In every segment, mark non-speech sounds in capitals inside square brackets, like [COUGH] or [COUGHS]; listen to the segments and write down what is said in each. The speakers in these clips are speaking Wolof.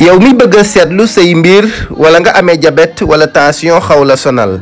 yow mi bëgg a seetlu say mbir wala nga amee jabet wala tension xaw la sonal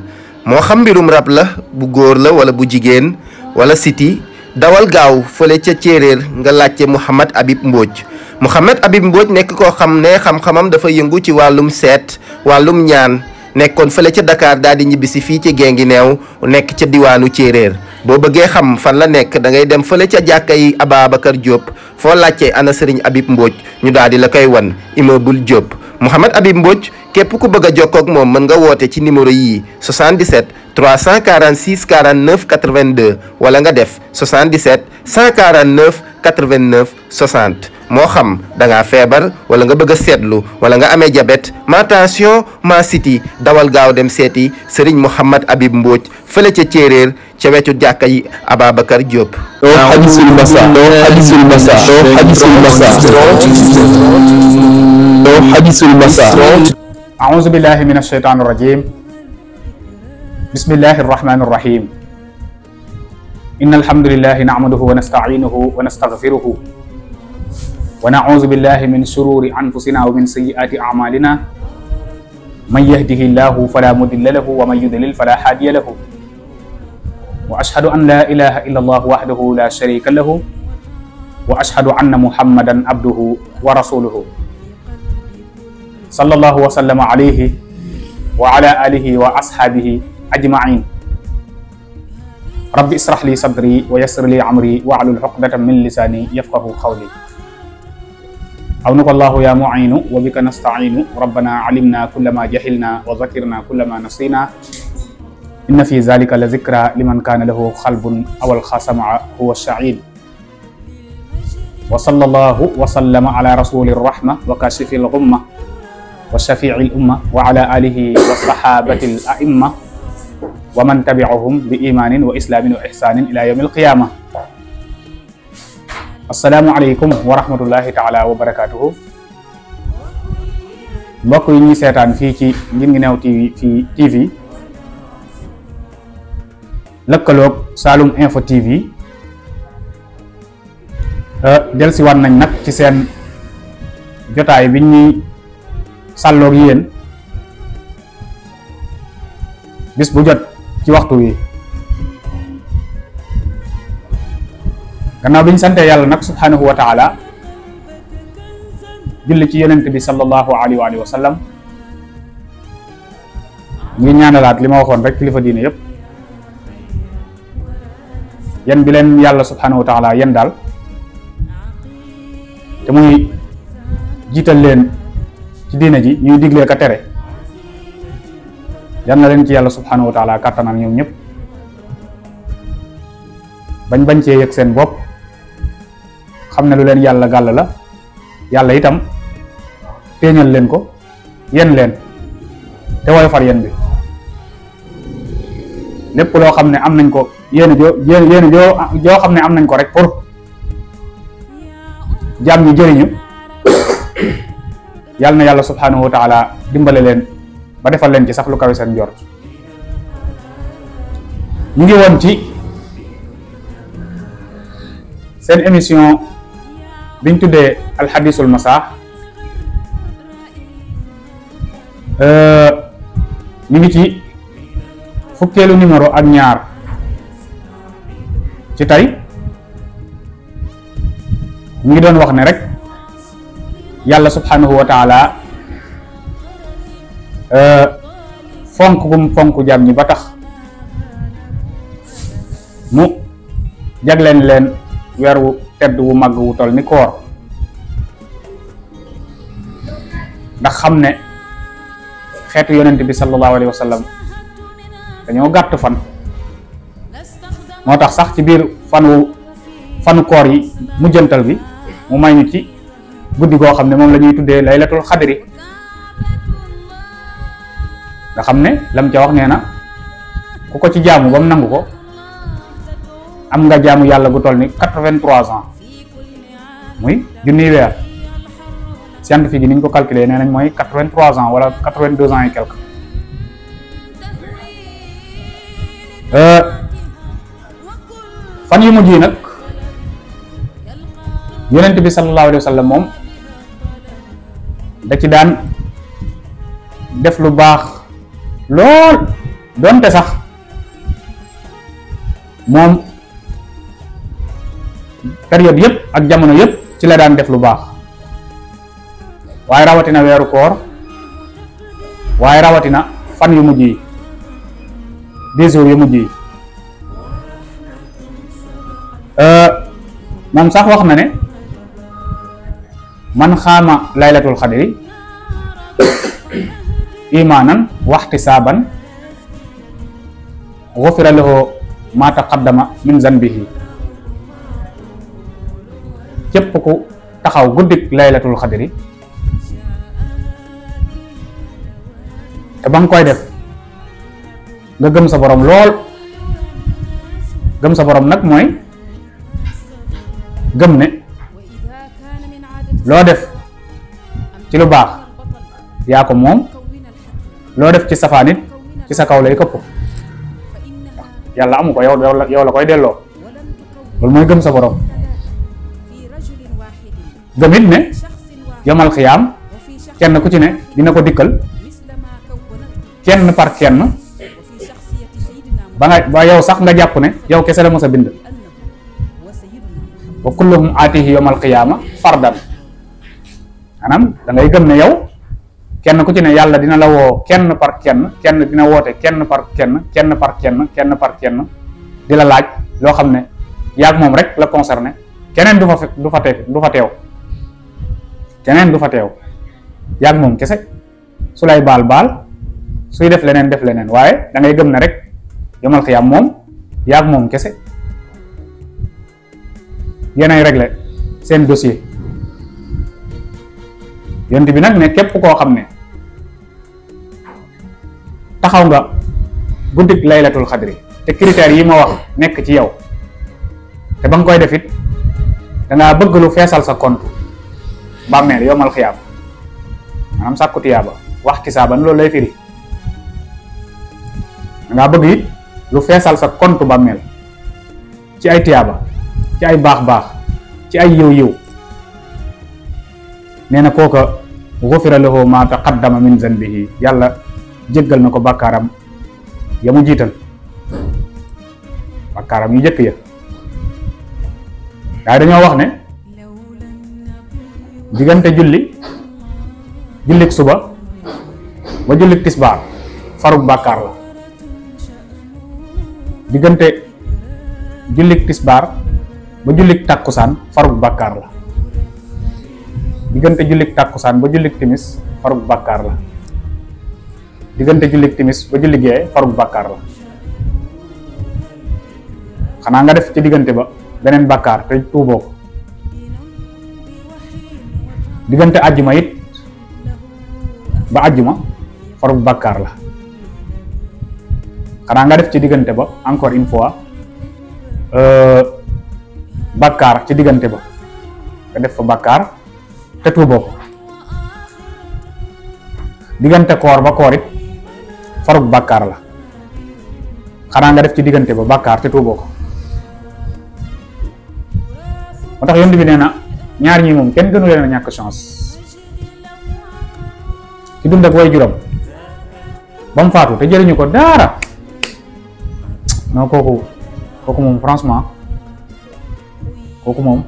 moo xam mbirum rab la bu góor la wala bu jigéen wala siti dawal gaaw fële ca Céréer nga laajte Mouhamed Habib Mbodj Mouhamed Habib mbooj nekk koo xam ne xam-xamam dafa yëngu ci wàllum seet wàllum ñaan nekkoon fële ca dakaar daal di ñibbisi fii ci Guinguinéo nekk ca diwaanu céeréer boo bëggee xam fan la nekk da ngay dem fële ca jàkka yi kër jóob foo laajte ana Serigne Habib Mbodj ñu daal di la koy wan immeuble Diop Mouhamed Habib Mbodj képp ku bëgg a jokkook moom mën nga woote ci numéro yii 77 346 49 82 wala nga def 77 149 89 60. moo xam danga feebar wala nga bëgg a seetlu wala nga amee jabet ma tension ma siti dawal gaaw dem seeti sëriñ Mouhamad Habib Mbodj fële ca Céréer ca wetu jàkka yi Ababacar Diop. doo hadisul basa doo hadisul basa doo hadisul basa doo hadisul basa. aouzu billahi min ashaytaani rajim bismillahi rahmani rahim. inna alhamdulillahi nahmaduhu wa nastainuhu wa nastaghfiruhu ونعوذ بالله من شرور أنفسنا ومن سيئات أعمالنا من يهده الله فلا مضل له ومن يضلل فلا هادي له وأشهد أن لا إله إلا الله وحده لا شريك له وأشهد أن محمدا عبده ورسوله صلى الله وسلم عليه وعلى آله وأصحابه أجمعين رب اشرح لي صدري ويسر لي عمري واعلل عقدة من لساني يفقه قولي حونك الله يا معين وبك نستعين ربنا علمنا كل ما جهلنا وذكرنا كل ما نسينا إن في ذلك لذكرى لمن كان له قلب أو الخاسم هو الشعيد وصلى الله وسلم على رسول الرحمة وكاشف الغمة وشفيع الأمة وعلى آله والصحابة الأئمة ومن تبعهم بإيمان وإسلام وإحسان إلى يوم القيامة Assalamualaikum warahmatullahi wa rahmatullahi taala wa barakatuh. mbokk yi ñi sétane fi ci ngir ngi tv fi tv lëkkaloog salum Info TV euh, wat nañ nak ci sen jotaay bi ñuy sallok yeen bis bu jot ci waxtu wi gannaaw bi sante yalla nak subhanahu wa taala julli ci te bi sallallahu alaihi wa sallam ñu ñaanalat lima waxon rek kilifa diine yeb yan bi len yalla subhanahu wa taala yan dal, te muy jital len ci diine ji ñuy diglé ka téré yalla len ci yalla subhanahu wa taala katanal ñoom ñep bañ bañ ci yek seen bop xam ne lu leen yàlla gàll la yàlla itam téeñal leen ko yen leen te woyofal yen bi lépp loo xam ne am nañ ko yéen joo yéen joo joo xam ne am nañ ko rek pour jaam ñi jëriñu [COUGHS] yàlla na yàlla subhanahu wa taala dimbale leen ba defal leen ci sax lu kawe seen njort ñu ngi woon ci seen émission biñ tuddee alxadisul masaax euh, ñu ngi ci fukkeelu numéro ak ñaar ci tey ñu ngi doon wax ne rek yàlla subhanahu wa taala euh, fonk gum fonk jaam ñi ba tax mu jagleen leen weer tedd wu mag wu tol ni koor ndax xam ne xeetu yonent bi sallallahu alayhi Wasallam. dañoo gàtt fan moo tax sax ci biir fanu fanu koor yi mujjantal bi mu may ñu ci guddi goo xam ne moom la laylatul xadri nga xam lam ca wax nee na ku ko ci jaamu ba mu am nga jaamu yàlla gu toll ni quatre-vingt-trois ans muy junniy weer scientifique yi ni ko calculer nee nañ mooy quatre-vingt-trois ans wala quatre-vingt-deux ans et quelque euh, fan yu mujj yi nag yonent bi sallallahu alayhi wa sallam moom da ci daan def lu baax lool doonte sax moom période yëpp ak jamono yëpp ci la daan def lu baax waaye rawatina weeru koor waaye rawatina fan yu mujj yi dix mujj yi euh, moom sax wax na ne man xaama laylatul xadri [COUGHS] imaanan waxti saaban gufira lahu ma taqaddama min zanbihi képp ku taxaw guddik laylatul xadri te bang koy def nga gëm sa borom lool gëm sa borom nag mooy gëm ne loo def ci lu baax yaa ko moom loo def ci safaan nit ci sa kaw lay këpp yàlla amu ko yow yow la koy delloo loolu mooy gëm sa borom gëm it ne yomal xiyaam kenn ku ci ne dina ko dikkal kenn par kenn ba nga ba yow sax nga jàpp ne yow kese la mos a bind wa kulluhum aatihi yomal qiyaama fardan maanaam dangay ngay gëm ne yow kenn ku ci ne yàlla dina la woo kenn par kenn kenn dina woote kenn par kenn kenn par kenn kenn par kenn di la laaj loo xam ne yaag moom rek la concerné keneen du fa du fa teew du fa teew keneen du fa teew yàgg moom kese su lay baal baal suy def leneen def leneen waaye da ngay gëm na rek yomal am moom yàgg moom kese yéenay régler seen dossier yont bi nag ne képp koo xam ne taxaw nga guddik laylatul xadri te critères yi ma wax nekk ci yow te ba nga koy defit danga dangaa bëgg lu feesal sa compte bàmmeel mal xiyaam manam sakku tiyaba wax saban lo lay firi nga bëgg yi lu fessal sa compte bàmmeel ci ay tiyaba ci ay bax bax ci ay yiw-yiw neena koka kooka lahu ma taqaddama min zanbihi Yalla. jéggal nako bakaram. ya mu yu jekk ya da dañu wax ne diggante julli jullik suba ba jullik tisbaar farug bàkkaar la diggante jullik tisbaar ba jullik tàkkusaan farug bàkkaar la diggante jullik tàkkusaan ba jullik timis farug bàkkaar la diggante jullik timis ba julli gee farug bàkkaar la xanaa nga def ci diggante ba beneen bàkkaar te tuuboo ko digënté aljuma it ba aljuma for bakkar lah. la xana nga def ci digënté ba encore une fois euh, bakkar ci digënté ba nga def fa bakkar té tu ko digënté koor ba koorit faru bakkar la xana nga def ci digënté ba bakkar té tu ko motax yëndu bi ñaar ñi moom kenn gënu leen a ñàkk chance ki dund ak way juram ba mu faatu te jëriñu ko daara non kooku kooku moom franchement kooku moom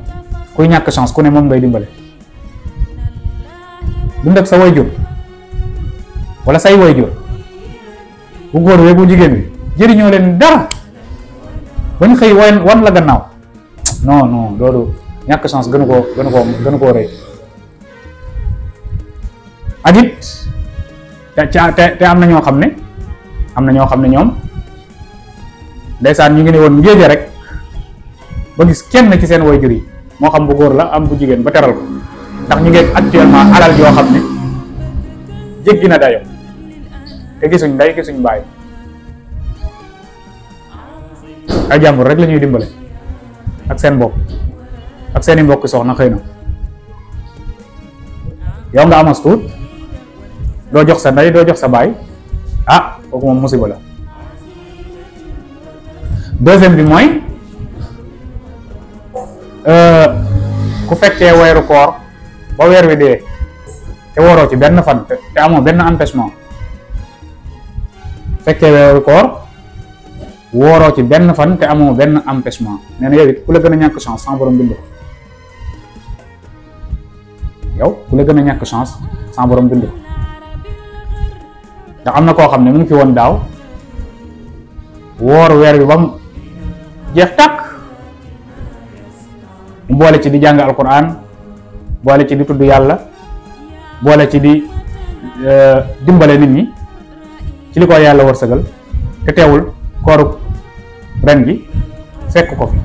kuy ñàkk chance ku ne moom ngay dimbale dund ak sa way jur wala say way jur bu góor wee bu jigéen bi jëriñoo leen dara bañ xëy wan la gannaaw non non loolu ñak chance gënu koo gënu koo gënu koo rëy ak it te te te am na ñoo xam am na ñoo xam ne ñu ngi ne woon géeje rek ba gis kenn ci seen wayjuri mo xam bu goor la am bu jigen ba téral ko ndax ñu ngi actuellement alal yo xamné ne dayo te gisuñ nday gisuñ bay ay rek lañuy dimbalé ak seen bop ak seeni mbokk ya soxna xeyna na yow nga amas tout do jox sa nday do jox sa bay ah kooku mom musiba la deuxième bi euh ku fekke weeru koor ba weer wi dee te woro ci ben fan te amo ben empêchement fekke weeru koor woro ci ben fan te amo ben empêchement nee na ku la gëna a chance sans borom bindu ko yow ku la gëna a chance sans borom bindu da amna ko xamne mu ngi fi woon daaw woor weer bi bam jeex tak mu boole ci di jang alquran boole ci di tuddu yalla boole ci di e, dimbalé nit ñi ci liko yalla wërsegal te téwul koru ren gi fekk ko fi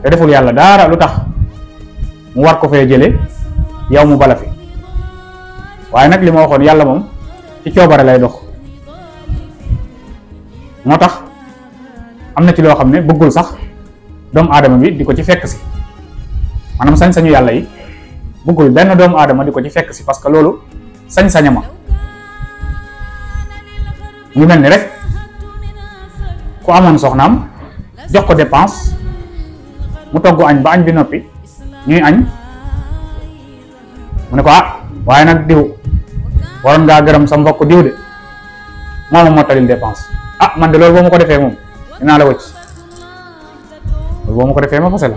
da deful yalla dara lu mu war ko fee jëlee yaw mu bala waye nak nag li yalla mom ci ciobare lay dox motax amna ci lo xam bëggul sax doomu aadama bi di ci fekk ci manam sañ-sañu yalla yi bëggul ben doomu aadama di ci fekk ci parce que lolu sañ-sañama ñu melni rek ku amone soxnam jox ko dépense mu toggu añ ba añ bi noppi ñuy añ mu ne ko ah waaye nag diw waroon ngaa gërëm sa mbokk diw de moo ma mottalil dépense ah man de loolu boo ma ko defee moom dinaa la wëcc loolu boo ma ko defee ma fase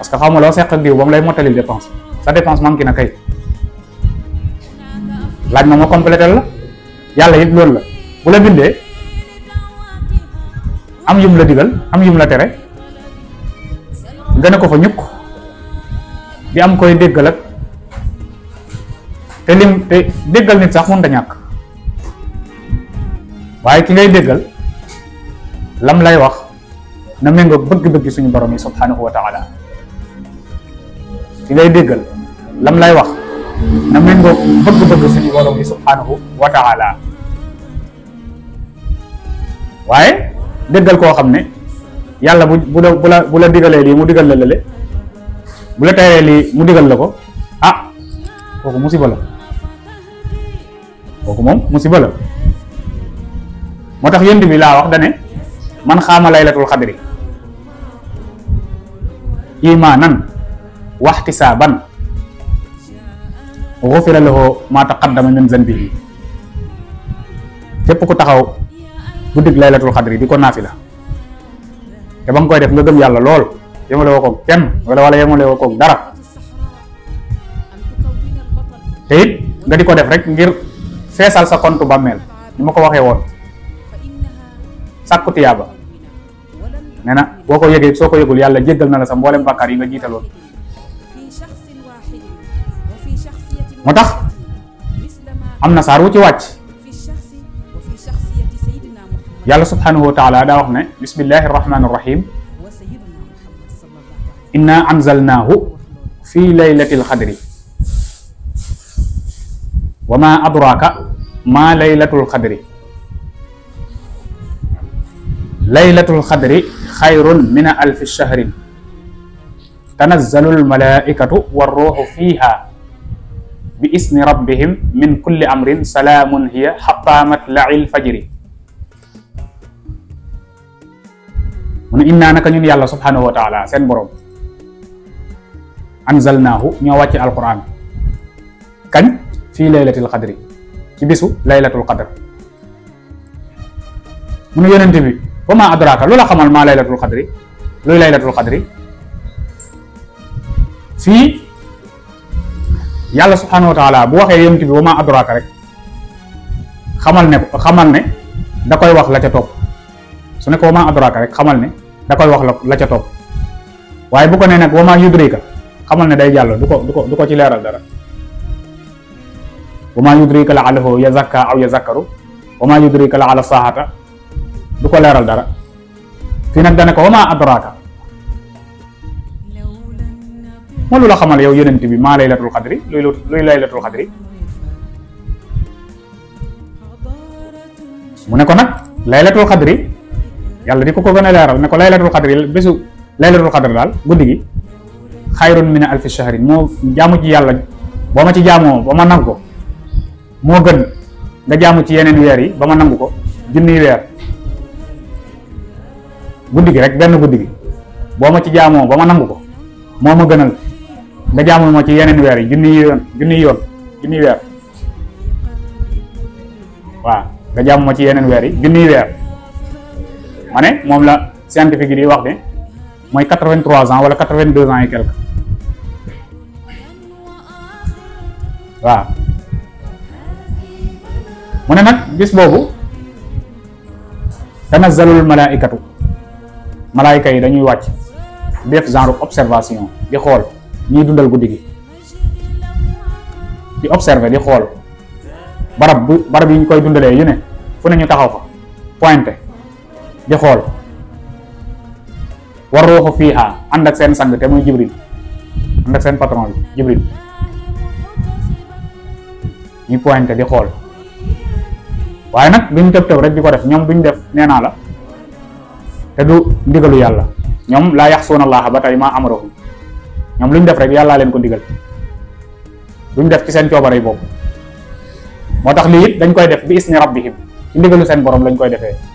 parce que xaw ma loo ak diw ba mu lay mottalil dépense sa dépense manqué na kay laaj ma ma complété la yàlla yit loolu la bu la bindee am yum la digal am yum la tere gëna ko fa ñuk bi am koy déggal ak te lim te déggal nit sax mënut a ñak waye ki ngay déggal lam lay wax na méngoo bëgg-bëgg suñu borom yi subhanahu wa taala ki ngay déggal lam lay wax na méngoo bëgg-bëgg suñu borom yi subhanahu wa taala waye déggal ko xam yalla bu bu la bu la digalé li mu digal la lé bu la tayé li mu digal la ko ah koku musiba la koku mom musiba la motax yënd bi la wax man xama laylatul xadri imaanan waxtisaaban xufira lahu ma taqaddama min zanbihi képp ko taxaw laylatul qadri diko ko te bang koy def nga gëm yalla lool yemale woo kenn wala wala yemale woo koog dara te nga di def rek ngir fessal sa compte bàmmeel ni ma ko waxee won sàkku tiyaaba nena boko yegge ya gitu, soko yegul ya yalla ko jéggal na la sa mbolem bakkar yi nga jital won motax amna na ci wacc يالا سبحانه وتعالى دا وخني بسم الله الرحمن الرحيم إنا أنزلناه في ليلة القدر وما أدراك ما ليلة القدر ليلة القدر خير من ألف الشهر تنزل الملائكة والروح فيها بإسم ربهم من كل أمر سلام هي حتى مطلع الفجر mu ne innaa naka ñun yàlla subhanahu wa seen borom anzalnaahu ñoo wàcc alquran kañ fii laylatil qadri ci bisu laylatul qadr mu ne yonente bi wa maa adraaka lu la xamal maa laylatul qadri luy laylatul qadri fii yàlla subhanahu wa bu waxee yonente bi wa maa adraaka rek xamal ne xamal koy wax la ca topp su ne ko wamaa rek xamal ne da koy wax la la ca topp waaye bu ko ne nag wamaa yudrika xamal ne day jàll du ko du ko ci leeral dara wamaa yudrika la allahu yazakka aw yazakkaru wamaa yudrika la ala saxata du ko leeral dara fii nag dane ko wamaa moo lu la xamal yow yonent bi maa laylatul xadri luy laylatul xadri mu ne ko nag laylatul xadri yalla diko ko gëna leral ne ko laylatul qadr yi laylatul qadr dal guddi gi min alfi shahrin mo jaamu ci yalla boo ma ci jaamoo ba ma nangu ko moo gën nga jaamu ci yenen weer yi ba ma nangu ko junniy weer guddi gi rek ben guddi gi boo ma ci jaamoo ba ma nangu ko moo ma gënal nga jaamu mo ci yenen weer yi yoon yoon weer wa nga jaamu mo ci yenen weer yi weer ma ne moom la scientifique yi di wax ne mooy quatre vingt trois wala quatre vingt deux ans et quelque waaw mu ne nag bis boobu tanazzalul malaayikatu malaayika yi dañuy wàcc def genre observation di xool ñiy dundal guddi gi di observer di xool barab bu barab yi ñu koy dundalee yu ne fu ne ñu taxaw fa pointé di xol war ruuxu fiiha ak sen sang te moy jibril and ak sen patron jibril ñu pointe di xol waye nak buñu tepp tepp rek diko def ñom buñu def neena la te du ndigalu yalla ñom la yahsuna allah ba tay ma ñom luñu def rek yalla leen ko ndigal buñu def ci sen coobare bop motax li yit dañ koy def bi isni rabbihim ndigalu sen borom lañ koy defee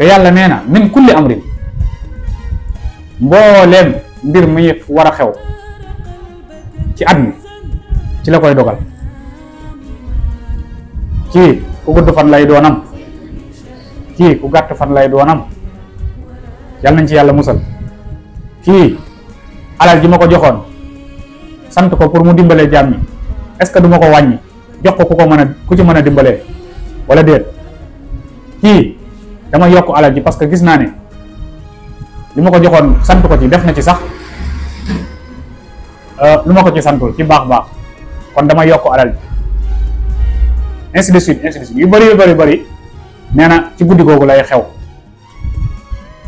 te yàlla nee na min kulli amrin mbooleem mbir muy war a xew ci at mi ci la koy dogal kii ku gudd fan lay doonam kii ku gàtt fan lay doonam yàlla nañ ci yàlla musal kii alal ji ma ko joxoon sant ko pour mu dimbalee jaam ñi est-ce que du ma ko wàññi jox ko ku ko mën a ku ci mën a dimbalee wala déet kii dama Yoko alaji ji parce que gis na ne li ko ko ci def na ci sax euh ma ko ci santul ci bax bax kon dama yok alal ji ainsi de suite ainsi de suite yu bari yu bari bëri na ci guddi gogou lay xew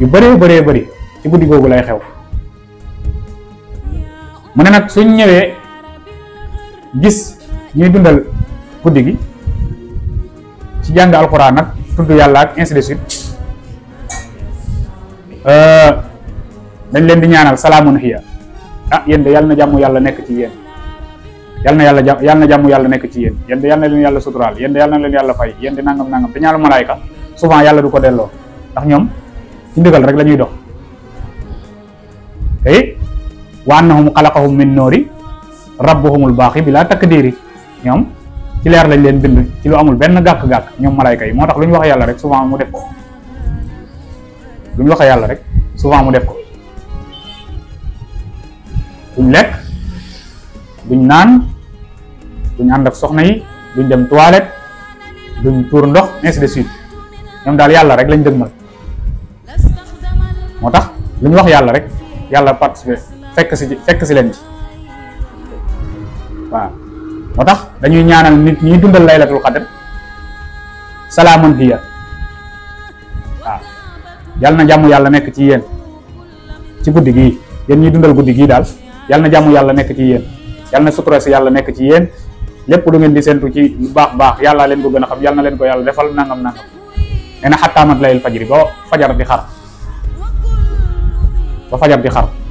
yu bari yu bari ci guddi gogou lay xew mune nak suñ ñewé gis ñi dundal guddi gi ci jang alcorane tudd yàlla ak ainsi de suite dañ leen di ñaanal salaamun hiya ah yéen de yàlla na jàmm yàlla nekk ci yéen yàlla na yàlla jàmm yàlla na jàmm yàlla nekk ci yéen yéen de yàlla na leen yàlla suturaal yéen de yàlla na leen yàlla fay yéen de nangam nangam te ñaanu malaayka souvent yàlla du ko delloo ndax ñoom ci ndigal rek la ñuy dox te wa annahum xalaqahum min nori rabbuhumul baaxi bi laa takk ñoom ci leer lañ leen bind ci lu amul benn gàkk-gàkk ñoom malayka yi moo tax lu ñu wax yàlla rek souvent mu def ko lu ñu wax yàlla rek souvent mu def ko duñ lekk duñ naan duñ ànd ak soxna yi duñ dem toilette duñ tour ndox ainsi de suite ñoom daal yàlla rek lañ dëgmal moo tax lu ñu wax yàlla rek yàlla participer fekk si fekk si leen ci waaw motax dañuy ñaanal nit ñi dundal laylatul qadr salamun hiya yalla na jàmm yalla nek ci yeen ci guddi gii ñi dundal guddi gii daal na jàmm yalla nek ci yeen yalla na sutura si yalla nek ci yeen lepp lu ngeen di sentu ci baax baax yalla leen ko gëna xam yalla na leen ko yalla defal nangam nangam hatta mat layl fajr ba fajar di xar ba fajar di xar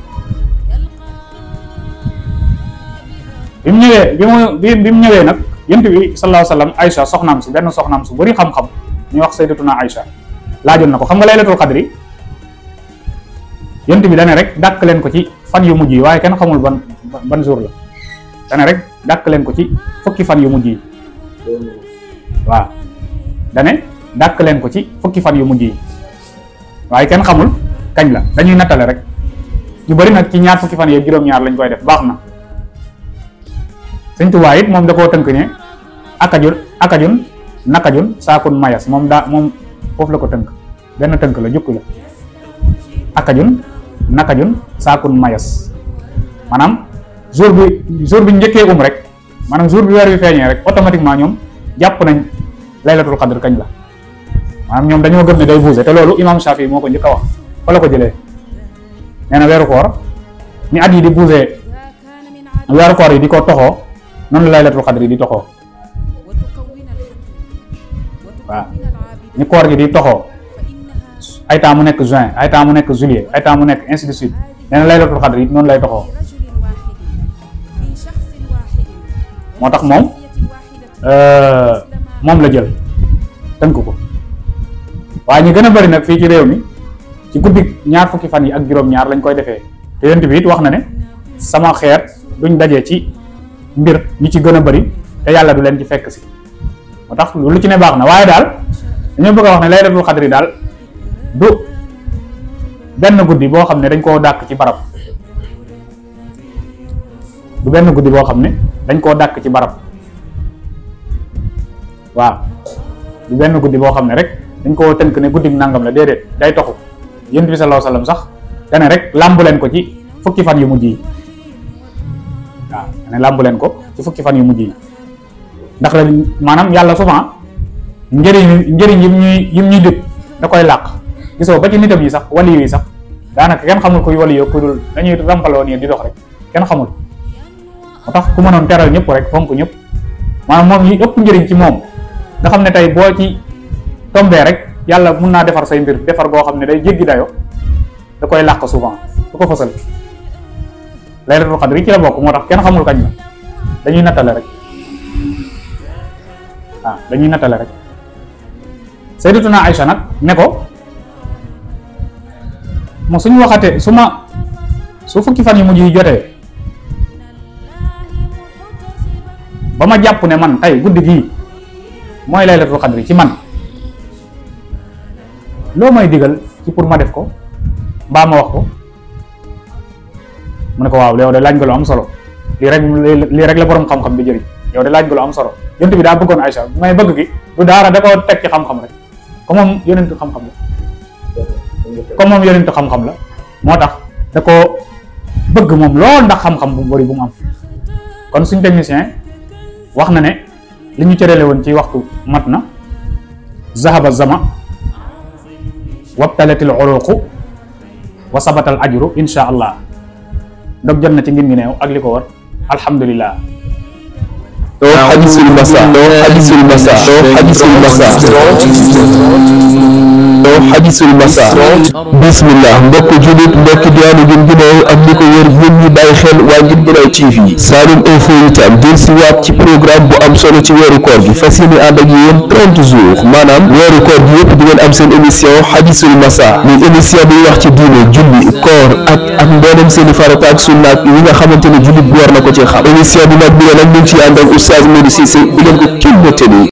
bi mu ñëwee bi mu ñëwee nag yent bi sallallahu alayhi wa sallam Aïcha soxnaam si benn soxnaam su bëri xam-xam ñu wax sayyidatuna Aïcha laajoon na ko xam nga laylatul xadri yent bi dane rek dàkk leen ko ci fan yu mujj yi waaye kenn xamul ban ban jour la rek dàkk leen ko ci fukki fan yu mujj yi waaw leen ko ci fukki fan yu mujj waaye kenn xamul kañ la dañuy nattale rek ñu bëri nag ci ñaar fukki fan yee juróom-ñaar lañ koy def baax na sëñ touba it mom da koo ne akajun akajun nakajun sakun mayas mom da mom fof la ko tënk benn tënk la jukku la akajun nakajun sakun mayas manam jour bi jour bi njëkkee um rek manam jour bi weer bi feñe rek automatiquement ñom japp nañ laylatul qadr kañ la manam ñom dañu gëm ne day bouger té lolu imam Shafi moo ko njëkk wax wala ko jëlé néna wër koor ni adi di bouger wër koor yi di ko noonu la laylatul xadri di toxoo waaw ni koor gi di toxoo ay temps mu nekk juin ay temps mu nekk juillet ay temps mu nekk ainsi de suite nee na laylatul xadri noonu lay toxoo moo tax moom euh, moom la jël tënk ko waa ñi gën a bari nag fii ci réew mi ci guddi ñaar fukki fan yi ak juróom-ñaar lañ koy defee te yonent bi it wax na ne sama xeer duñ dajee ci mbir ñu ci gën a bari te yàlla du leen ci fekk si moo tax lu ci ne baax na waaye daal dañoo bëgg a wax ne laylatul xadri daal du benn guddi boo xam ne dañ koo dàkk ci barab du benn guddi boo xam ne dañ koo dàkk ci barab waaw du benn guddi boo xam ne rek dañ koo tënk ne guddi nangam la déedéet day toxu yént bi sallallahu alayhi sax dane rek làmbu leen ko ci fukki fan yu mujj yi ne làmb leen ko ci fukki fan yu mujj yi ndax la maanaam yàlla souvent njëriñ njëriñ yim ñuy yim ñuy dëkk da koy làq gisoo ba ci nitam yi sax wali yi sax daanaka kenn xamul kuy wali yoo ku dul dañuy rampaloo nii di dox rek kenn xamul moo tax ku manoon teral ñëpp rek fonk ñëpp maanaam moom yi ëpp njëriñ ci moom nga xam ne tey boo ci tombee rek yàlla mun naa defar say mbir defar goo xam ne day jéggi dayo da koy làq souvent du ko fësal laylatul xadr yi ci la bokk moo tax kenn xamul kañ la dañuy nattale rek waaw dañuy nattale rek sayyidatuna Aïcha nag ne ko mo suñ waxatee su ma su fukki fan yu mujj yi jotee ba ma jàpp ne man tey guddi gii mooy laylatul xadri ci man loo may diggal ci pour ma def ko mbaa ma wax ko mu ne ko waaw yow de laaj nga lu am solo li rek li rek la borom xam-xam bi jëriñ yow de laaj nga lu am solo yonent bi daa bëggoon Aïcha may bëgg gi du daara da ko teg ci xam-xam rek ko moom yonent xam-xam la ko moom yonent xam-xam la moo tax da ko bëgg moom lool ndax xam-xam bu bëri bu mu am kon suñ technicien wax na ne li ñu cërale woon ci waxtu mat na zahaba zama wabtalatil uruqu wa sabatal ajru insha allah dog jot na ci ngin ngi neew ak li ko war alhamdulilah doo xaji sul basa doo hadisul masa bismillah mbokk julit mbokk diwaanu gin ginaaw ak li ko wër yéen ñi bàyyi xel waa ngin ginaaw TV Saloum Info itam jël si waat ci programme bu am solo ci weeru koor gi fas yéene ànd ak yéen maanaam weeru koor gi yëpp di ngeen am seen émission hadisul masa muy émission bi wax ci diine julli koor ak ak mboolem seen i farata ak sunna ak yi nga xamante ni julit bu war na ko ci xam émission bi nag bi ne nag ñu ngi ci ànd ak oustaz Modou Cissé bu leen ko kenn